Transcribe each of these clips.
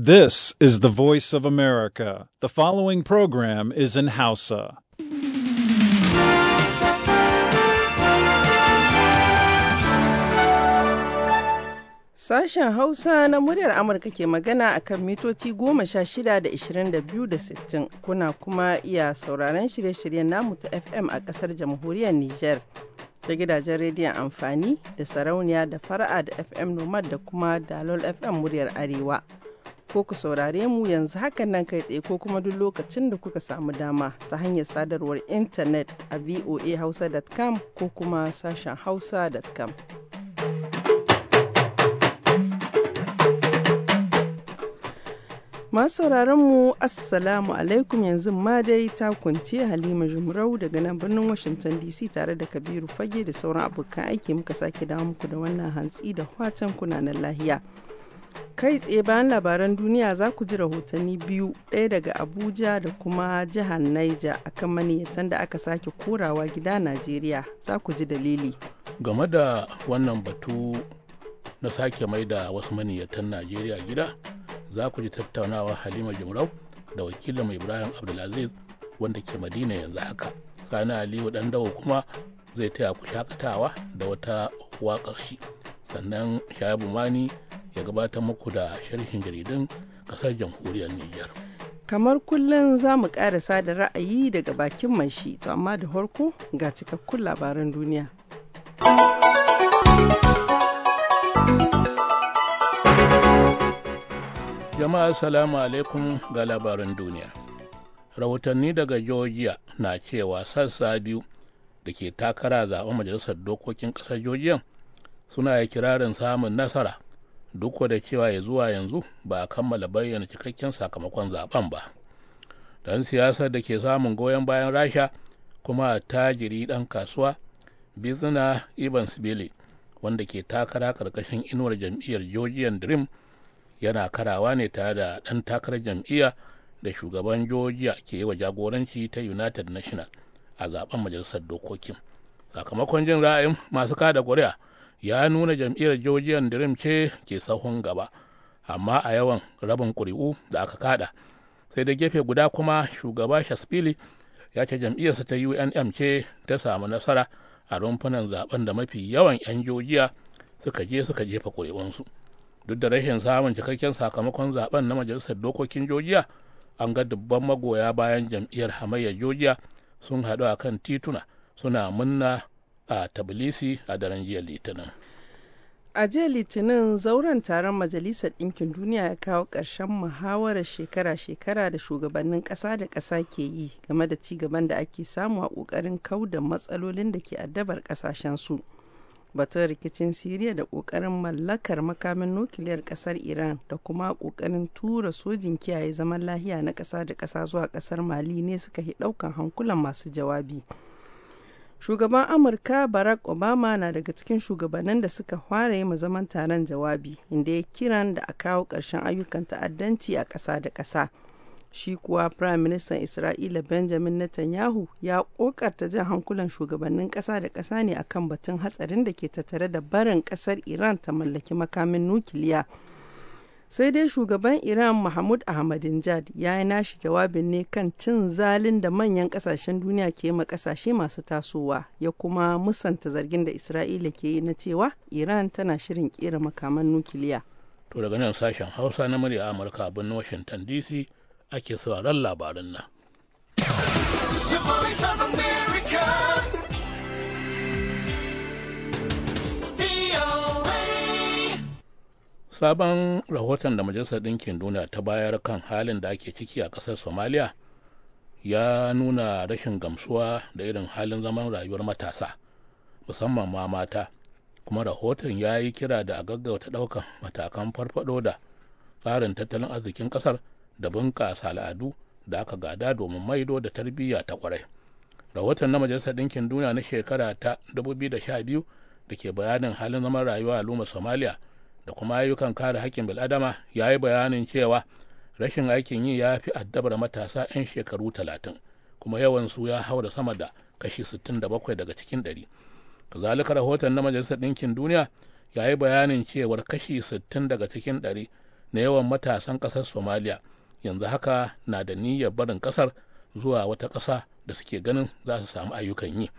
This is the voice of America. The following program is in Hausa. Sashen Hausa na muryar Amurka ke magana a kan mitoci goma sha shida da ishirin da biyu da sittin kuna kuma iya sauraron shirye-shiryen namu ta FM a ƙasar jamhuriyar Nijar. ta gidajen rediyon amfani da sarauniya da fara'a da fm nomad da kuma dalol fm muryar arewa ko ku saurare mu yanzu hakan nan kai tsaye ko kuma duk lokacin da kuka samu dama ta hanyar sadarwar intanet a voahausa.com ko kuma sashen hausa.com. Masu mu Assalamu alaikum yanzu ma dai ta kunce Halima Jumrau daga nan birnin Washington DC tare da Kabiru Fage da sauran abokan aiki muka sake dawo muku da wannan hantsi da watan kunanan lahiya. Kai tsaye bayan labaran duniya za ku ji rahotanni biyu ɗaya daga Abuja da kuma jihar Niger akan maniyatan da aka sake korawa gida Najeriya za ku ji dalili. Game da wannan batu na sake mai da wasu maniyatan Najeriya gida za ku ji tattaunawa Halima Jumrau da wakilin mai Ibrahim Abdulaziz wanda ke Madina yanzu haka. Sani Aliyu dan dawo kuma zai taya ku shakatawa da wata waƙar shi. Sannan Shayabu Mani ya gabatar muku da sharhin jaridun kasar jamhuriyar Nijar. Kamar kullum za mu ƙarasa da ra'ayi daga bakin mai shi, to amma da harko ga cikakkun labaran duniya. Jama'a salamu alaikum ga labaran duniya. Rahotanni daga Georgia na cewa sassa biyu da ke takara zaɓen majalisar dokokin ƙasar Georgia suna ya kirarin samun nasara duk da cewa ya zuwa yanzu ba a kammala bayyana cikakken sakamakon zaben ba don siyasar da ke samun goyon bayan rasha kuma tajiri dan kasuwa bizina ivan sibili wanda ke takara karkashin inuwar jam'iyyar georgian dream yana karawa ne tare da dan takarar jam'iyya da shugaban georgia ke yi wa jagoranci ta united national a zaben majalisar dokokin sakamakon jin ra'ayin masu kada kuri'a ya nuna jam'iyyar georgian dream ce ke sahun gaba amma a yawan rabin ƙuri'u da aka kada sai da gefe guda kuma shugaba shaspili ya ce jam'iyyarsa ta unm ce ta samu nasara a rumfunan zaben da mafi yawan 'yan georgia suka je suka jefa ƙuri'unsu duk da rashin samun cikakken sakamakon zaben na majalisar dokokin georgia an ga dubban magoya bayan jam'iyyar hamayyar georgia sun haɗu a kan tituna suna munna a tbilisi a daren jiya litinin a jiya litinin zauren taron majalisar ɗinkin duniya ya kawo ƙarshen muhawarar shekara-shekara da shugabannin ƙasa da ƙasa ke yi game da ci gaban da ake samu a ƙoƙarin kau da matsalolin da ke addabar ƙasashen su batun rikicin siriya da ƙoƙarin mallakar makamin nukiliyar ƙasar iran da kuma ƙoƙarin tura sojin kiyaye zaman lahiya na ƙasa da ƙasa zuwa ƙasar mali ne suka hi ɗaukan hankulan masu jawabi. Shugaban Amurka Barack Obama na daga cikin shugabannin da suka fara yi zaman taron jawabi, inda ya kiran da a kawo ƙarshen ayyukan ta'addanci a ƙasa da ƙasa. Shi kuwa Prime Minister Isra'ila Benjamin Netanyahu ya ƙoƙarta jan hankulan shugabannin ƙasa da ƙasa ne akan batun hatsarin da ke tattare da barin ƙasar Iran ta mallaki makamin nukiliya. sai dai shugaban iran mahmud ahmadinejad ya yi nashi jawabin ne kan cin zalin da manyan kasashen duniya ke ma kasashe masu tasowa ya kuma musanta zargin da isra'ila ke yi na cewa iran tana shirin kera makaman nukiliya to daga nan sashen hausa na murya amurka a birnin washington dc ake sauraron labarin nan sabon rahoton da majalisar ɗinkin duniya ta bayar kan halin da ake ciki a ƙasar somaliya ya nuna rashin gamsuwa da irin halin zaman rayuwar matasa musamman ma mata kuma rahoton ya yi kira da a gaggauta ɗaukan matakan farfaɗo da tsarin tattalin arzikin ƙasar da bunƙasa al'adu da aka gada domin maido da tarbiyya ta kwarai rahoton na majalisar ɗinkin duniya na shekara ta 2012 da ke bayanin halin zaman rayuwa a luma somaliya da kuma ayyukan kare haƙƙin bil'adama ya yi bayanin cewa rashin aikin yi ya fi addabar matasa 'yan shekaru talatin kuma yawan su ya hau da sama da kashi 67 daga cikin ɗari kazalika rahoton na majalisar ɗinkin duniya ya yi bayanin cewar kashi 60 daga cikin 100 na yawan matasan ƙasar somaliya yanzu haka na da niyyar barin ƙasar zuwa wata ƙasa da suke ganin za su samu ayyukan yi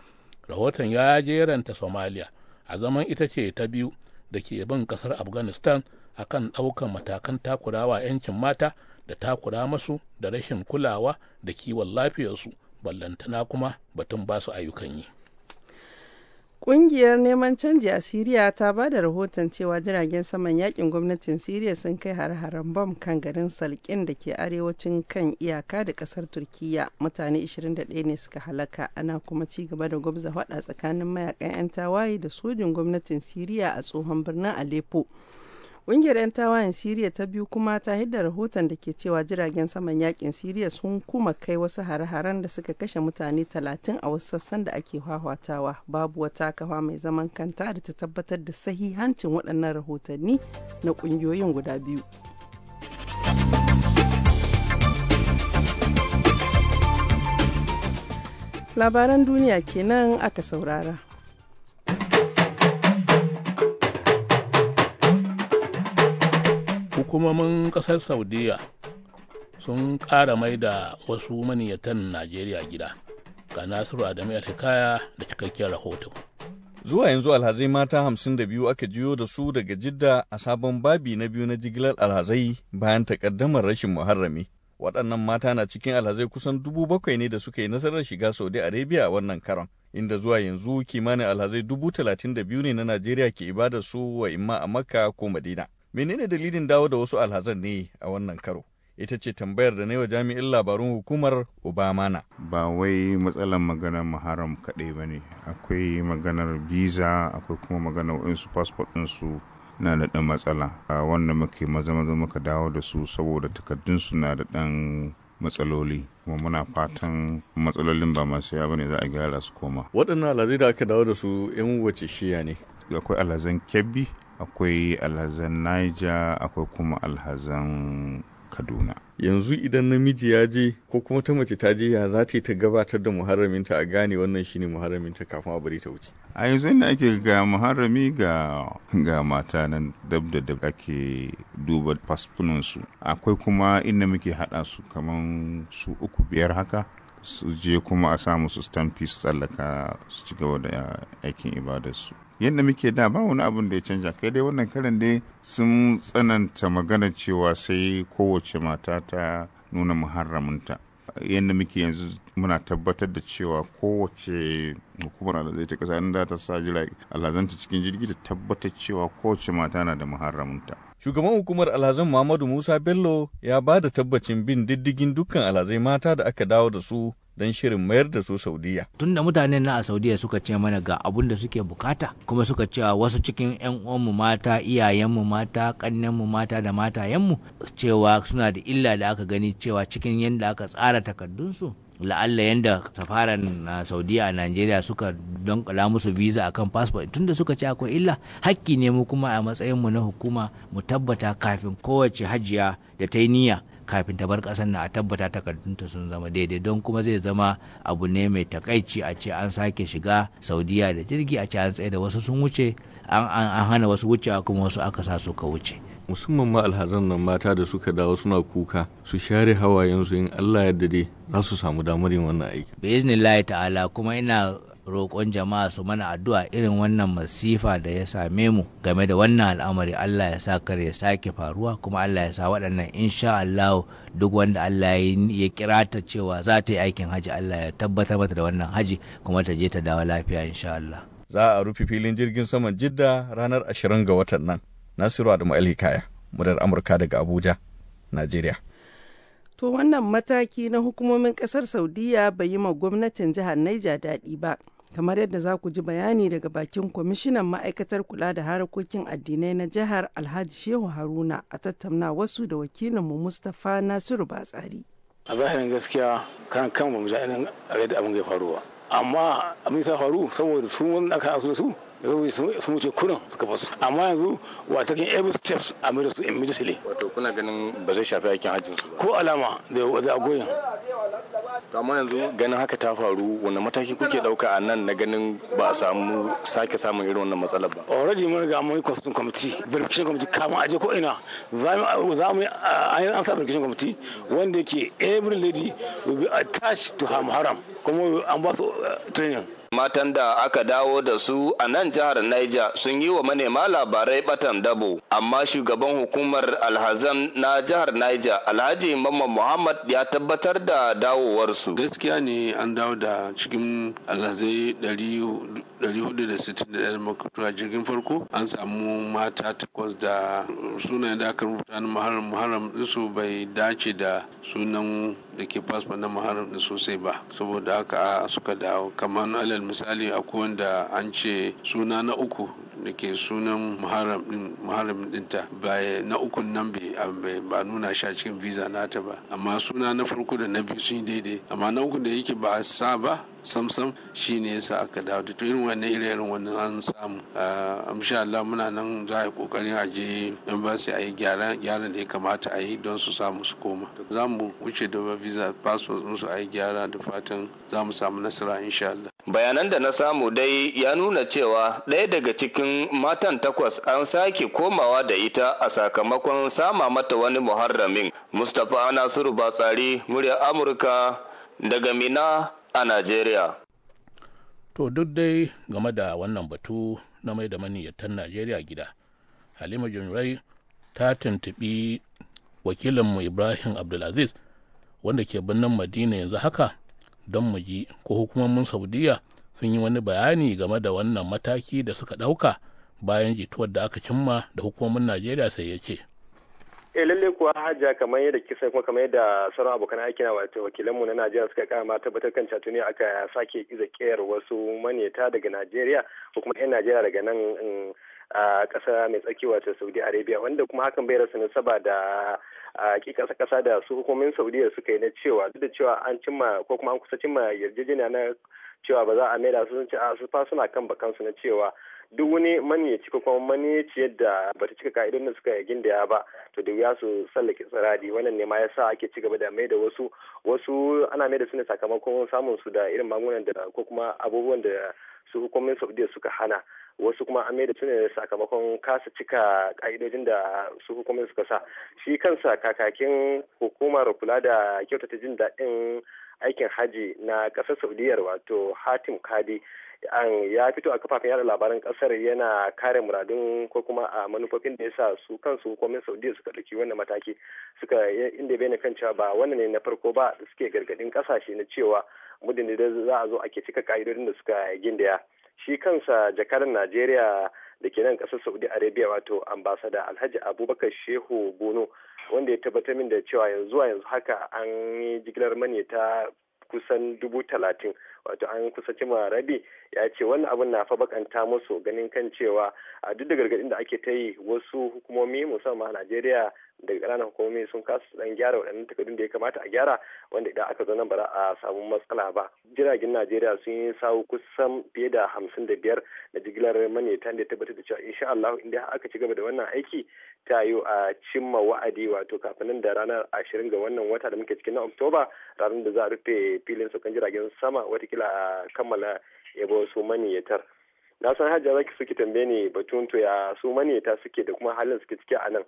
rahoton ya jeranta somaliya a zaman ita ce ta biyu da ke bin kasar afghanistan akan ɗaukan matakan takurawa 'yancin mata da takura masu da rashin kulawa da kiwon lafiyarsu ballantana kuma batun basu ayyukan yi Ƙungiyar neman canji a Siriya ta ba da rahoton cewa jiragen saman yakin gwamnatin Siriya sun kai har-haren bam kan garin Salkin da ke arewacin kan iyaka da ƙasar Turkiyya. Mutane 21 ne suka halaka ana kuma ci gaba da gwabza hada tsakanin mayakan 'yan tawaye da sojin gwamnatin Siriya a tsohon birnin Aleppo. Ƙungiyar 'yan tawayen Siriya ta biyu kuma ta hidda rahoton da ke cewa jiragen saman yakin Siriya sun kuma kai wasu hare-haren da suka kashe mutane talatin a wasu sassan da ake hwahwatawa. Babu wata kafa mai zaman kanta da ta tabbatar da sahihancin waɗannan rahotanni na ƙungiyoyin guda biyu. Labaran duniya kenan aka saurara. hukumomin kasar saudiya sun ƙara mai da wasu maniyatan najeriya gida ga nasiru adamu kaya da cikakken rahoto. zuwa yanzu alhazai mata 52 aka jiyo da su daga jidda a sabon babi na biyu na jigilar alhazai bayan takaddamar rashin muharrami waɗannan mata na cikin alhazai kusan dubu bakwai ne da suka yi nasarar shiga saudi arabia wannan karon inda zuwa yanzu kimanin alhazai dubu talatin da biyu ne na najeriya ke ibada su wa imma a makka ko madina Menene dalilin dawo da wasu alhazan ne a wannan karo? Ita ce tambayar da na wa jami'in labarun hukumar Obamana. Ba wai matsalar maganar maharam kaɗai ba ne, akwai maganar visa, akwai kuma maganar insu passport ɗinsu na da ɗan matsala. A wanda muke maza maza muka dawo da su saboda takardunsu na da ɗan matsaloli kuma muna fatan matsalolin ba masu yawa ne za a gyara su koma waɗannan alhazai da aka dawo da su 'yan wace shiya ne akwai alhazan kebbi akwai alhazan niger akwai kuma alhazan kaduna yanzu idan namiji ya je ko kuma ta mace ta je ya za ta ta gabatar da muharraminta a gane wannan shine muharraminta kafin a bari ta wuce a yanzu ina ake ga muharrami ga mata nan dab da dab ake duba fasfunansu akwai kuma inda muke haɗa su kamar su uku biyar haka su je kuma a samu su stamfi su tsallaka su ci gaba da aikin ibadarsu yadda muke da ba wani abin da ya canja kai dai wannan karin dai sun tsananta magana cewa sai kowace mata ta nuna muharraminta yadda muke yanzu muna tabbatar da cewa kowace hukumar alazai ta kasa inda ta sa jira alazanta cikin jirgi ta tabbatar cewa kowace mata na da muharraminta Shugaban hukumar alhazan Muhammadu Musa Bello ya ba da tabbacin bin diddigin dukkan alhazai mata da aka dawo da su don shirin mayar da su saudiya tunda mutanen na a saudiya suka ce mana ga abun da suke bukata kuma suka cewa wasu cikin yan uwanmu mata iyayenmu mata kannenmu mata da matayenmu cewa suna da illa da aka gani cewa cikin yadda aka tsara takardunsu la'alla yanda safaran ah, saudiya a najeriya suka donkala musu visa akan passport tunda suka ce akwai illa hakki ne mu kuma a matsayinmu na hukuma mu tabbata kafin kowace hajiya da ta yi niyya kafin ta bar kasar na a tabbata takardunta sun zama daidai don kuma zai zama abu ne mai takaici a ce an sake shiga saudiya da jirgi a ce an tsaye da wasu sun wuce an hana wasu wucewa kuma wasu aka sa suka wuce musamman ma alhazan nan mata da suka dawo suna kuka su share hawayensu in Allah ya dade za su samu damar yin wannan aiki. Biznillahi ta'ala kuma ina roƙon jama'a su mana addu'a irin wannan masifa da ya same mu game da wannan al'amari Allah ya sa kare ya sake faruwa kuma Allah ya sa waɗannan insha Allah duk wanda Allah ya kira ta cewa za ta yi aikin haji Allah ya tabbatar mata da wannan haji kuma ta je ta dawo lafiya insha Allah. Za a rufe filin jirgin saman Jidda ranar 20 ga watan nan. Nasiru Adamu Hikaya, murar Amurka daga Abuja, Najeriya. To wannan mataki na hukumomin kasar Saudiya bai yi ma gwamnatin jihar Naija daɗi ba. Kamar yadda za ku ji bayani daga bakin kwamishinan ma'aikatar kula da harkokin addinai na jihar Alhaji Shehu Haruna a tattauna wasu da wakilinmu Mustapha Nasiru Batsari. A zahirin gaskiya kan kan ba mu ji abin da ya faru ba. Amma abin sa faru saboda su wani aka su sun wuce kurin suka basu amma yanzu wata kan every steps a mai da su immediately wato kuna ganin ba zai shafi aikin hajjin su ko alama da a goyin amma yanzu ganin haka ta faru wani mataki kuke dauka a nan na ganin ba a samu sake samun irin wannan matsalar ba already mun ga mun yi constitution committee verification committee kama aje ko ina za mu yi an sa verification committee wanda yake every lady will be attached to haram kuma an ba su eh, training matan da aka dawo da su a nan jihar Niger sun yi wa manema labarai batan dabo amma shugaban hukumar alhazan na jihar Niger Alhaji Mamman Muhammad ya tabbatar da dawowarsu. Gaskiya ne an dawo da cikin alhazai 461 makutuwa jirgin farko an samu mata takwas da sunayen da aka rubuta na muharram muharram bai dace da sunan da ke fasfa na muharram ɗin sosai ba saboda haka suka dawo kamar alal misali akwai wanda an ce suna na uku da ke sunan muharram dinta na ukun nan ba nuna shi a cikin visa nata ba amma suna na farko da na biyu sun yi daidai amma na ukun da yake ba a sa ba samsam shi ne yasa aka dawo da irin wannan irin wannan an samu amsha Allah muna nan za a yi kokarin a je ba a yi gyaran da ya kamata a yi don su samu su koma za mu wuce da visa passport musu a yi gyara da fatan za mu samu nasara insha Allah bayanan da na samu dai ya nuna cewa ɗaya daga cikin matan takwas an sake komawa da ita a sakamakon sama mata wani muharramin mustapha nasiru batsari muryar amurka daga mina a najeriya to duk dai game da wannan batu na mai da maniyyatan najeriya gida halima jumrai ta tuntubi mu ibrahim abdulaziz wanda ke birnin madina yanzu haka don mu ji ko hukumomin saudiyya. sun yi wani bayani game da wannan mataki da suka ɗauka bayan jituwar da aka cimma da hukumomin najeriya sai ya ce eh lalle kuwa hajja kamar yadda kisa kuma kamar yadda sauran abokan aiki na wato wakilanmu na najeriya suka kara ma tabbatar kan catuni aka sake iza kiyar wasu maneta daga najeriya ko kuma yan najeriya daga nan mm, a ƙasa mai tsaki wato saudi arabia wanda kuma hakan bai rasa nasaba da a kasa kasa da su hukumomin saudiya suka yi na cewa duk da cewa an cimma ko kuma an kusa cimma yarjejeniya na cewa ba za a maida su sun ce a ah, su fa suna kan bakansu na cewa duk wani maniyaci ko kuma maniyaci yadda ba ta cika ka'idun da suka gindaya ba to da wuya su sallake tsiradi wannan ne ma ya sa ake cigaba da mai da wasu wasu ana mai da su ne sakamakon samun su da irin magungunan da ko kuma abubuwan da su hukumomin saudiya suka hana wasu kuma an da su ne sakamakon kasa cika ka'idojin da su hukumomin suka sa shi kansa kakakin hukumar kula da kyautata jin daɗin aikin haji na kasar saudiyar wato hatim kadi an ya fito a kafafen yada labaran kasar yana kare muradun ko kuma a manufofin da ya sa su kansu hukumin saudiya suka ɗauki wannan mataki suka inda bai kan cewa ba wannan ne na farko ba suke gargadin kasashe na cewa muddin da za a zo ake cika ka'idodin da suka gindaya shi kansa jakarar najeriya da ke nan kasar saudi arabia wato ambasada alhaji abubakar shehu bono wanda ya tabbatar min da cewa yanzu yanzu haka an yi jigilar mani ta kusan dubu talatin wato an kusa cima rabi ya ce wannan abin na fa bakanta musu ganin kan cewa a duk da gargadin da ake ta yi wasu hukumomi musamman a najeriya daga ƙananan hukumomi sun kasu dan gyara waɗannan takardun da ya kamata a gyara wanda idan aka zo nan ba za a samu matsala ba jiragen najeriya sun yi sawu kusan fiye da hamsin da biyar na jigilar maneta da tabbatar da cewa insha Allah inda aka ci gaba da wannan aiki ta yi a cimma wa'adi wato kafin da ranar ashirin ga wannan wata da muke cikin na oktoba ranar da za a rufe filin saukan jiragen sama watakila a kammala yabo su maniyatar na san hajji zaki suke tambaye ni batun to ya su maniyata suke da kuma halin suke ciki a nan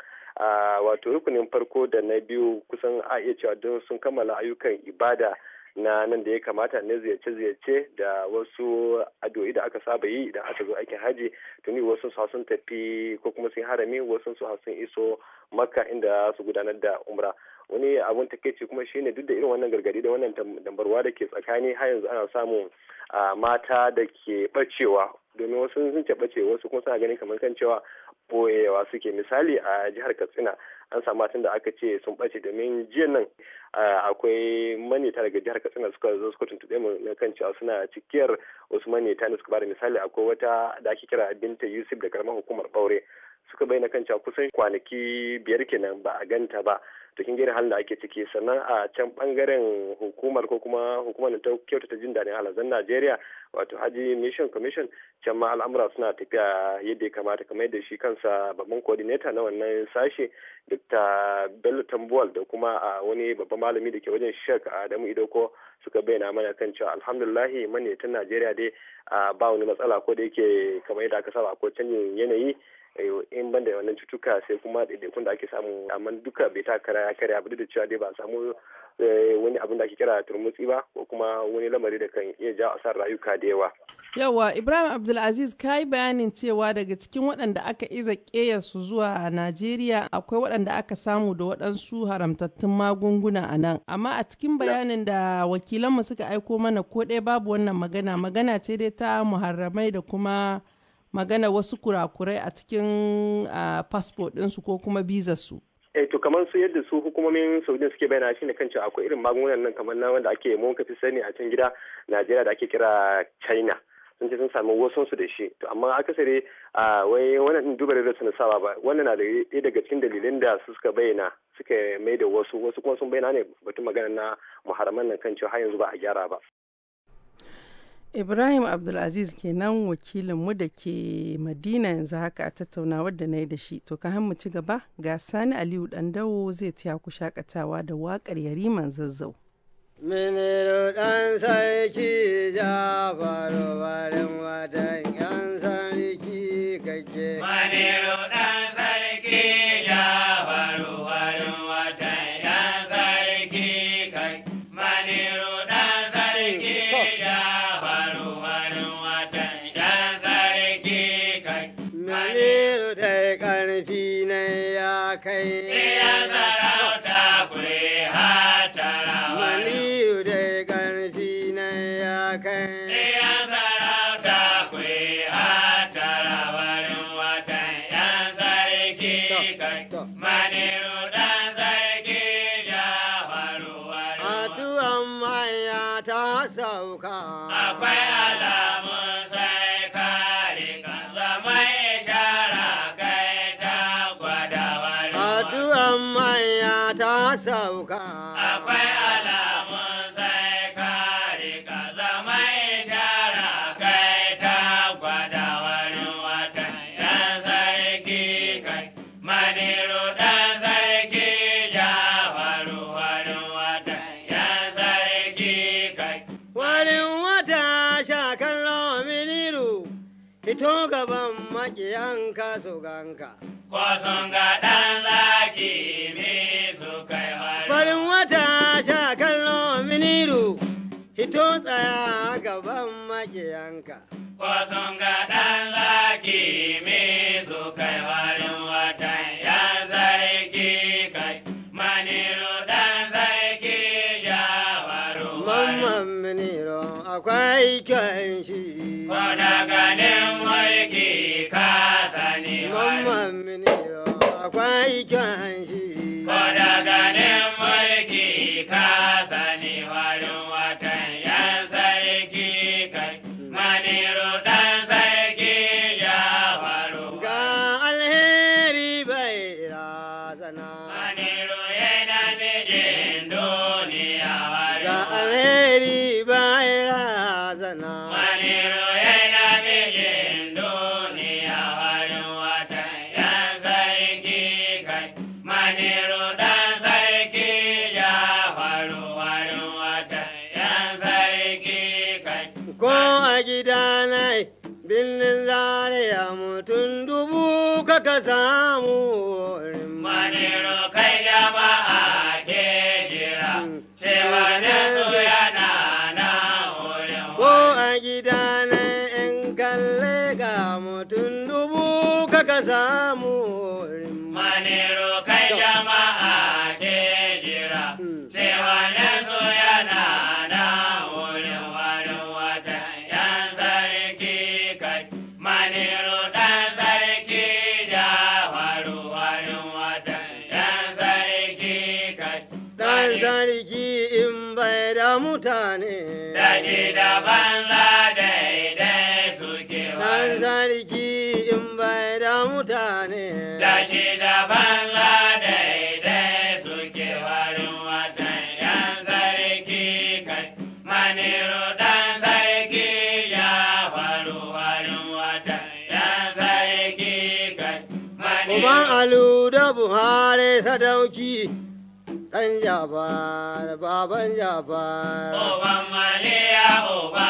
wato rukunin farko da na biyu kusan a iya cewa don sun kammala ayyukan ibada na nan da ya kamata na ziyarce-ziyarce da wasu addu'o'i da aka saba yi idan aka zo aikin haji tuni wasu su sun tafi ko kuma sun harami wasu su sun iso makka inda su gudanar da umra wani abun takaici kuma shine duk da irin wannan gargadi da wannan dambarwa da ke tsakani har yanzu ana samun mata da ke bacewa domin wasu sun ce bace wasu kuma suna ganin kamar kan cewa boyewa suke misali a jihar katsina an samu matan da aka ce sun ɓace domin jiya nan akwai maneta daga jihar katsina suka zo suka tuntuɓe mu na kan cewa suna cikiyar wasu maneta da suka bada misali akwai wata da ake kira binta yusuf da karamar hukumar ɓaure suka bayyana kan cewa kusan kwanaki biyar kenan ba a ganta ba to kin halin da ake ciki sannan a can bangaren hukumar ko kuma hukumar da ta kyautata jin daɗin alazan Najeriya wato Haji Mission Commission can ma al'amura suna tafiya yadda ya kamata kamar yadda shi kansa babban coordinator na wannan sashe Dr. Bello Tambuwal da kuma a wani babban malami da ke wajen Sheikh Adamu Idoko suka bayyana mana kan cewa alhamdulahi maniyatan Najeriya dai ba wani matsala ko da yake kamar yadda aka saba ko canjin yanayi Eh, in banda da wannan cutuka sai kuma ɗaiɗaikun da ake samu amma duka bai ta kara ya karya abu da cewa dai ba a samu eh, wani abin da ake kira turmutsi ba ko kuma wani lamari da kan iya jawo asar rayuka da yawa. Yawa Ibrahim Abdulaziz ka yi bayanin cewa daga cikin waɗanda aka iza su zuwa Najeriya akwai waɗanda aka samu da waɗansu haramtattun magunguna a nan. Amma a cikin bayanin da wakilanmu suka aiko mana ko ɗaya babu wannan magana magana ce dai ta muharramai da kuma magana wasu kurakurai a cikin fasfo ɗinsu ko kuma bizarsu. eh to kamar su yadda su hukumomin saudiya suke bayyana shi ne kan cewa akwai irin magungunan nan kamar na wanda ake mun fi sani a can gida najeriya da ake kira china sun ce sun sami wasu su da shi to amma akasari a wai wannan duba da suna sawa ba wannan na da ɗaya daga cikin dalilin da su suka bayyana suka mai da wasu wasu kuma sun bayyana ne batun magana na muharaman nan kan cewa har yanzu ba a gyara ba Ibrahim Abdulaziz kenan wakilinmu da ke Madina yanzu haka a tattauna wadda na yi da shi. To ka mu ci gaba ga Sani Aliyu dawo zai taya ku shakatawa da wakar Yariman Zazzau. Miniru ɗan sarki ja faru barin watan ‘yan sarki kake. sauka. Akwai alamun sai kare ka zama ishara kai ta gwada wani wata ɗan sarki kai. Maniru ɗan sarki faru wani wata ɗan sarki kai. Wani wata shakan lawa miniru ito gaban maƙiyanka su ganka. Ko sun ga ɗan zaki me su kai. ta sha kallo miniru hito tsaya gaban makiyanka. Kwason ga ɗan laki me zo kai warin watan ya zarki kai maniru ɗan zarki ya waro Mamman miniru akwai kyan shi. Ko daga mulki ka sani Mamman miniru akwai kyan shi. wurin. Cewa na zo yana Ko a gida na in kalle ga mutum dubu kaka samu Balu da Buhari sadauki ɗan jabar baban jabar. Oban o ba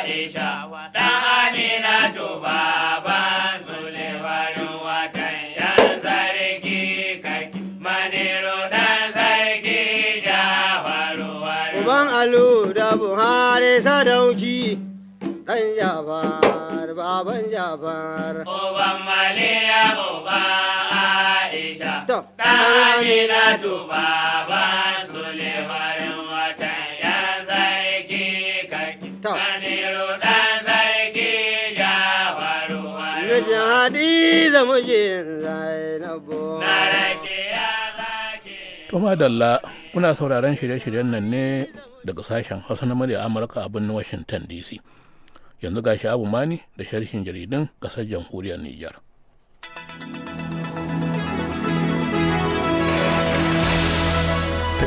Aisha ɗan Amina to baban Sulebarin watan yan sarki kaki maniro ɗan sarki jafaru wani. Oban Alu da Buhari sadauki ɗan jabar. baban jafar maliya uban aisha ta amina tuba baban sulefarin watan yan sarki kaki kaniru dan sarki jafaru mijin hadiza mijin zainabu na ya zaki to madalla kuna sauraron shirye-shiryen nan ne daga sashen hausa na murya amurka a birnin washington dc yanzu ga shi abu mani da sharhin jaridun ƙasar jamhuriyar Nijar.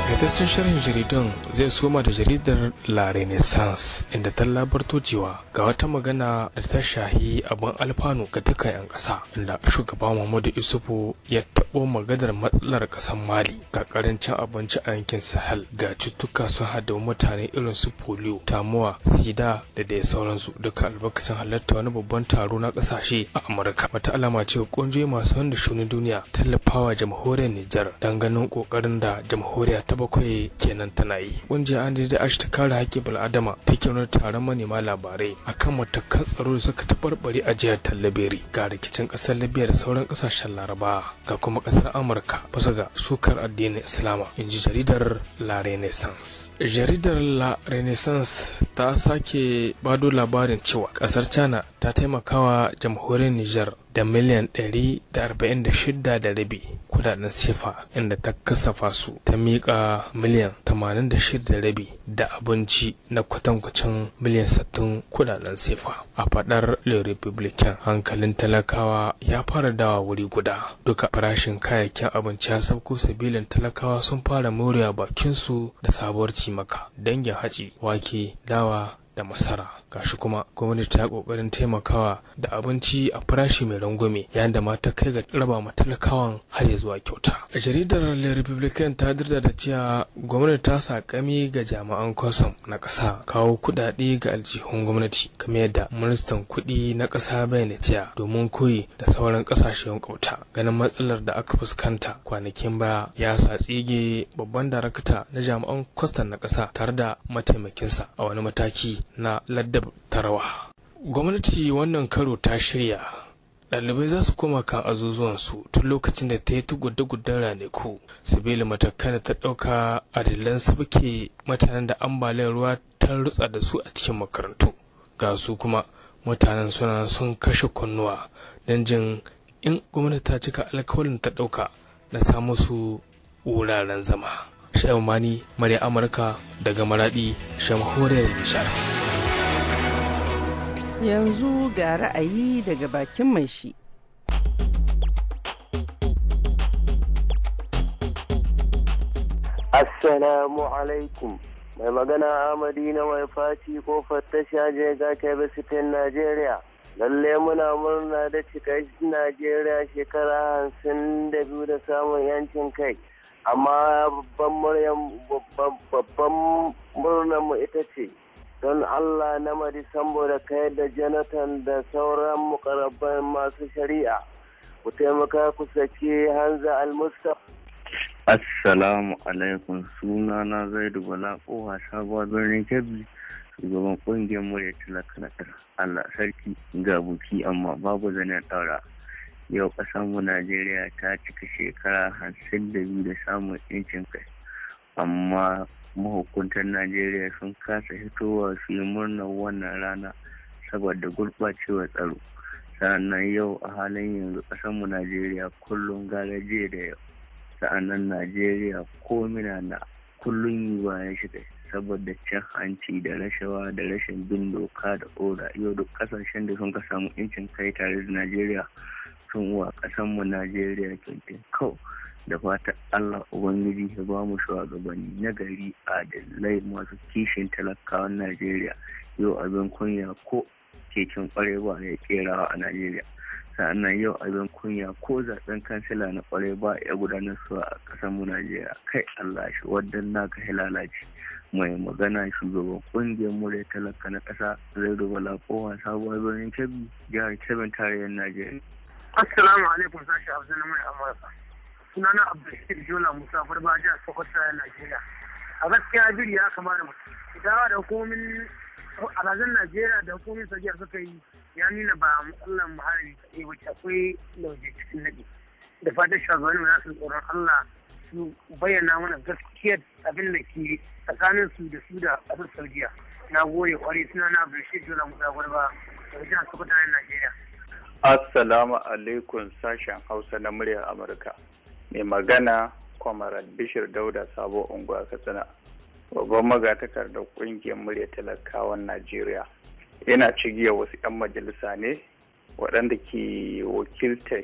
takaitaccen shirin jaridun zai soma da jaridar la renaissance inda ta labarto cewa ga wata magana da ta shahi abin alfanu ga dukkan 'yan ƙasa inda shugaba muhammadu isufu ya taɓo maganar matsalar ƙasar mali ga ƙarancin abinci a yankin sahel ga cutuka sun hada mutane irin su polio tamuwa sida da dai sauransu duka albarkacin halarta wani babban taro na ƙasashe a amurka wata alama ce ƙungiyoyi masu wanda shunin duniya tallafawa jamhuriyar nijar don ganin ƙoƙarin da jamhuriyar ta ta bakwai kenan tana yi kungiyar an da ta kare haƙƙin bil'adama ta kira taron manema labarai akan matakan tsaro da suka tabarbare a jihar tallaberi ga rikicin ƙasar libya da sauran ƙasashen laraba ga kuma ƙasar amurka bisa ga sukar addinin islama in ji jaridar la renaissance jaridar la renaissance ta sake bado labarin cewa ƙasar china ta taimakawa jamhuriyar niger da miliyan 146.5 da rabi kudaden sifa inda ta kasafa su ta miƙa miliyan 86.5 da abinci na kwatankwacin miliyan 60 kudaden sifa a fadar le republican hankalin talakawa ya fara dawa wuri guda duka farashin kayayyakin abinci ya sauko sabilin talakawa sun fara morewa bakinsu da sabuwar cimaka dangin haci wake dawa da masara gashi kuma gwamnati ta kokarin taimakawa da abinci a farashi mai rangwame yayin da mata kai ga raba ma talakawan har ya zuwa kyauta a jaridar le republican ta dirda da cewa gwamnati ta sakami ga jami'an kwasam na ƙasa kawo kuɗaɗe ga aljihun gwamnati kamar yadda ministan kuɗi na ƙasa bayyana cewa domin koyi da sauran ƙasashen kauta ganin matsalar da aka fuskanta kwanakin baya ya sa tsige babban darakta na jami'an kwastan na ƙasa tare da mataimakinsa a wani mataki na ladda da tarawa gwamnati wannan karo ta shirya ɗalibai za su koma kan azuzuwansu tun lokacin da ta yi ta gudan ranaku sabila matakan da ta ɗauka a adilan sabke mutanen da ambaliyar ruwa ta rutsa da su a cikin makarantu ga su kuma mutanen suna sun kashe kunnuwa don jin in gwamnati ta cika alkawalin ta ɗauka na samu su wuraren zama. Shaimani, Mani, Amurka daga Maradi, Shamhuriyar Nishar. Yanzu ga ra'ayi daga bakin mai shi. Assalamu alaikum. Mai magana Amadi na mai fati ko fattasha je ga Kebe Sitin Najeriya. Lalle muna murna da cikakki Najeriya shekara hamsin da biyu da samun yancin kai. Amma babban murnar mu ita ce. don Allah na mari da kai da Jonathan da sauran mukarabban masu shari'a ku taimaka ku saki Hanza Al-Mustapha. Assalamu alaikum sunana Zaidu Bala Kowa sabuwa birnin Kebbi shugaban kungiyar murya talaka na Allah sarki ga buki amma babu zanen ɗaura. Yau mu Najeriya ta cika shekara hamsin da biyu da samun 'yancin kai amma mahukuntan najeriya sun kasa hitowa su yi murnar wannan rana saboda gurɓacewar tsaro sa'annan yau a halin yanzu ƙasarmu najeriya kullum gara da yau sa'annan najeriya komina na kullum yiwa ya shiga saboda cin hanci da rashawa da rashin bin doka da oda yau duk kasashen da sun ka samu incin kai tare da najeriya sun wa ƙasarmu najeriya kyautin kau da fatan Allah Ubangiji ya ba mu shugabanni na gari adalai masu kishin talakawan Najeriya yau abin kunya ko keken kwarewa ba ya kerawa a Najeriya. sa'annan yau abin kunya ko zaben kansila na kwarai ya gudanar su a ƙasar mu Najeriya kai Allah shi wadan naka lalace mai magana shugaban kungiyar mure talaka na ƙasa zai duba lafowa sabuwar birnin kebbi jihar kebbi tarayyar Najeriya. Assalamu alaikum sashi Abdul Mai Amurka. sunana abdulkir jola musa barba jihar sokoto na najeriya a gaskiya biri ya kamata mutum idan da hukumomin alhazan najeriya da hukumomin sajiya suka yi ya nuna ba matsalar muhalli kaɗai ɗaya wacce akwai lauje cikin naɗi da fatan shugabanni za su tsoron allah su bayyana mana gaskiyar abin da ke tsakanin su da su da ƙasar saudiya na goye kwarai suna na abdulkir jola musa farba daga jihar sokoto na najeriya Assalamu alaikum sashen Hausa na muryar Amurka. mai magana kwamaran bishir dauda sabo unguwa katsina babban magatakar da kungiyar murya talakawan najeriya yana cigiya wasu 'yan majalisa ne waɗanda ke wakiltar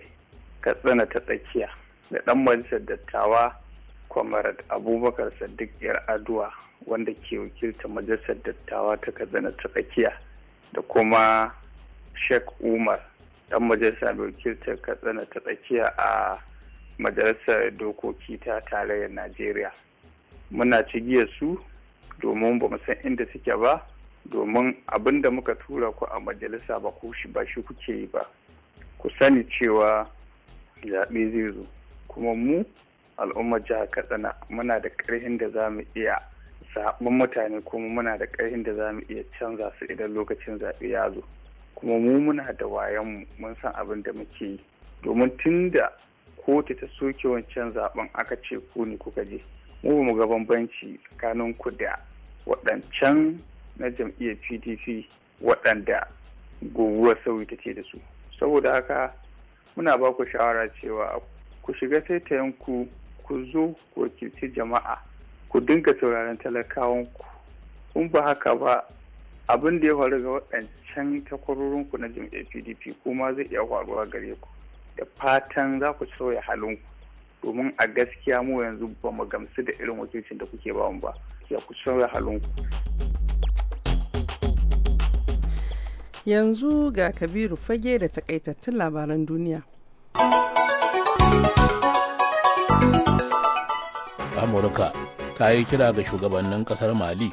katsina ta tsakiya da ɗan majalisar dattawa kwamarat abubakar sadiq yar aduwa wanda ke wakiltar majalisar dattawa ta katsina ta tsakiya da kuma sheikh umar ɗan majalisa mai wakiltar katsina ta tsakiya a majalisar dokoki ta tarayyar najeriya muna cigiyar su domin ba san inda suke ba domin abin da muka tura ku a majalisa ba ku shi ba shi kuke yi ba ku sani cewa zaɓe zai zo kuma mu al'ummar jihar katsina muna da ƙarfin da za mu iya zaɓen mutane kuma muna da ƙarfin da za mu iya canza su idan lokacin zaɓe ya zo kuma mu muna da wayan mun san abin da muke yi domin tun da kotu ta soke wancan zaben aka ce ku ne kuka je mu mu ga bambanci tsakanin ku da waɗancan na jam'iyyar pdp waɗanda guguwar sauyi ta ce da su saboda haka muna ba ku shawara cewa ku shiga taitayen ku ku zo ku wakilci jama'a ku dinga sauraron talakawan ku kun ba haka ba abin da ya faru ga waɗancan takwarorinku na jam'iyyar pdp kuma zai iya faruwa gare ku da fatan za ku sauya halinku domin a gaskiya mu yanzu ba mu gamsu da irin wakilcin da kuke ba ba ya ku sauya halinku yanzu ga kabiru fage da takaitattun labaran duniya amurka ta yi kira ga shugabannin kasar mali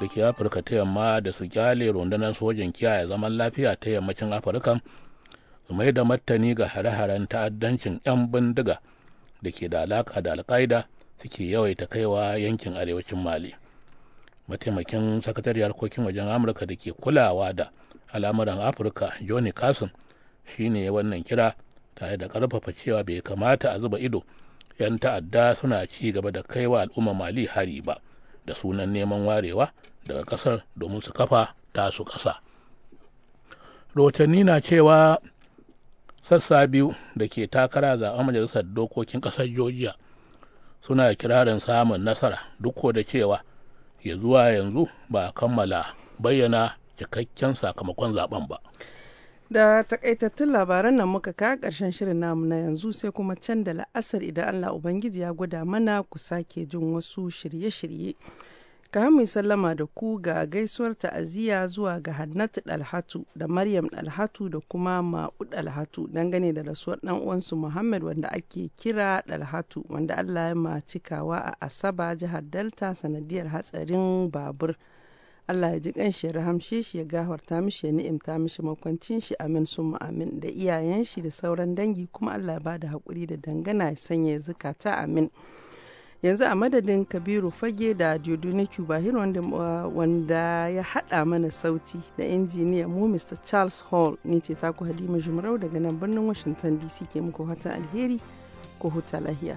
da ke afirka ta yamma da su kyale rundunar sojan kiyaye zaman lafiya ta yammacin afirka mai da martani ga hare-haren ta'addancin 'yan bindiga da ke da alaka da alkaida suke yawaita kaiwa yankin arewacin mali mataimakin Sakatari harkokin wajen amurka da ke kulawa da al'amuran afirka johnny carson shine wannan kira tare da karfafa cewa bai kamata a zuba ido 'yan ta'adda suna ci gaba da kaiwa al'umma mali hari ba da sunan neman warewa daga kasar domin su kafa tasu kasa Rotanni na cewa sassa biyu da ke takara ga majalisar dokokin ƙasar georgia suna kirarin samun nasara duk da cewa ya zuwa yanzu ba a kammala bayyana cikakken sakamakon zaben ba da takaitattun labaran nan muka ka karshen shirin namu na yanzu sai kuma can da la'asar idan allah ubangiji ya gwada mana ku sake jin wasu shirye-shirye ka mu sallama da ku ga gaisuwar ta'aziyya zuwa ga Hannatu Dalhatu da Maryam Dalhatu da kuma Ma'u Dalhatu dangane da rasuwar dan uwansu Muhammad wanda ake kira Dalhatu wanda Allah ya ma cikawa a Asaba jihar Delta sanadiyar hatsarin babur. Allah ya ji kanshi ya rahamshe shi ya gafarta mishi ya ni'imta mishi makwancin shi amin sun amin da iyayen shi da sauran dangi kuma Allah ya ba da haƙuri da dangana ya sanya zukata amin. yanzu a madadin kabiru fage da diodone cubahiro wanda, uh, wanda ya hada mana sauti da injiniya mu mr charles hall ni ce taku halima jimarau daga nan birnin washington dc ke muku hatan alheri ko huta lahiya.